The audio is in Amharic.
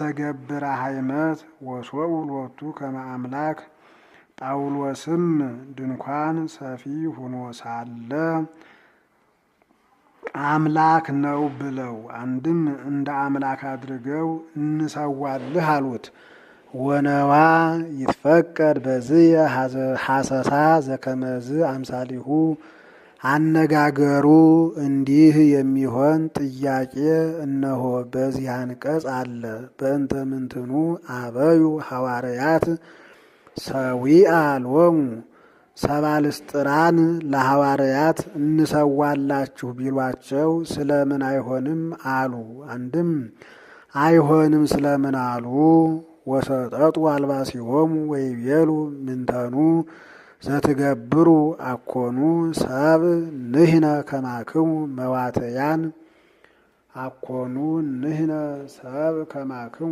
ተገብረ ሃይመት ወሶብ ሁለቱ ከመ አምላክ ጳውሎስም ድንኳን ሰፊ ሆኖ ሳለ አምላክ ነው ብለው አንድም እንደ አምላክ አድርገው እንሰዋልህ አሉት። ወነዋ ይትፈቀድ በዝየ ሐሰሳ ዘከመዝ አምሳሊሁ አነጋገሩ እንዲህ የሚሆን ጥያቄ እነሆ በዚህ አንቀጽ አለ። በእንተ ምንትኑ አበዩ ሐዋርያት ሰዊአ ሎሙ ሰባልስጥራን ለሐዋርያት እንሰዋላችሁ ቢሏቸው ስለምን አይሆንም አሉ? አንድም አይሆንም ስለምን አሉ? ወሰጠጡ አልባሲሆሙ ወይቤሉ ምንተኑ ዘትገብሩ አኮኑ ሰብ ንህነ ከማክሙ መዋተያን አኮኑ ንህነ ሰብ ከማክሙ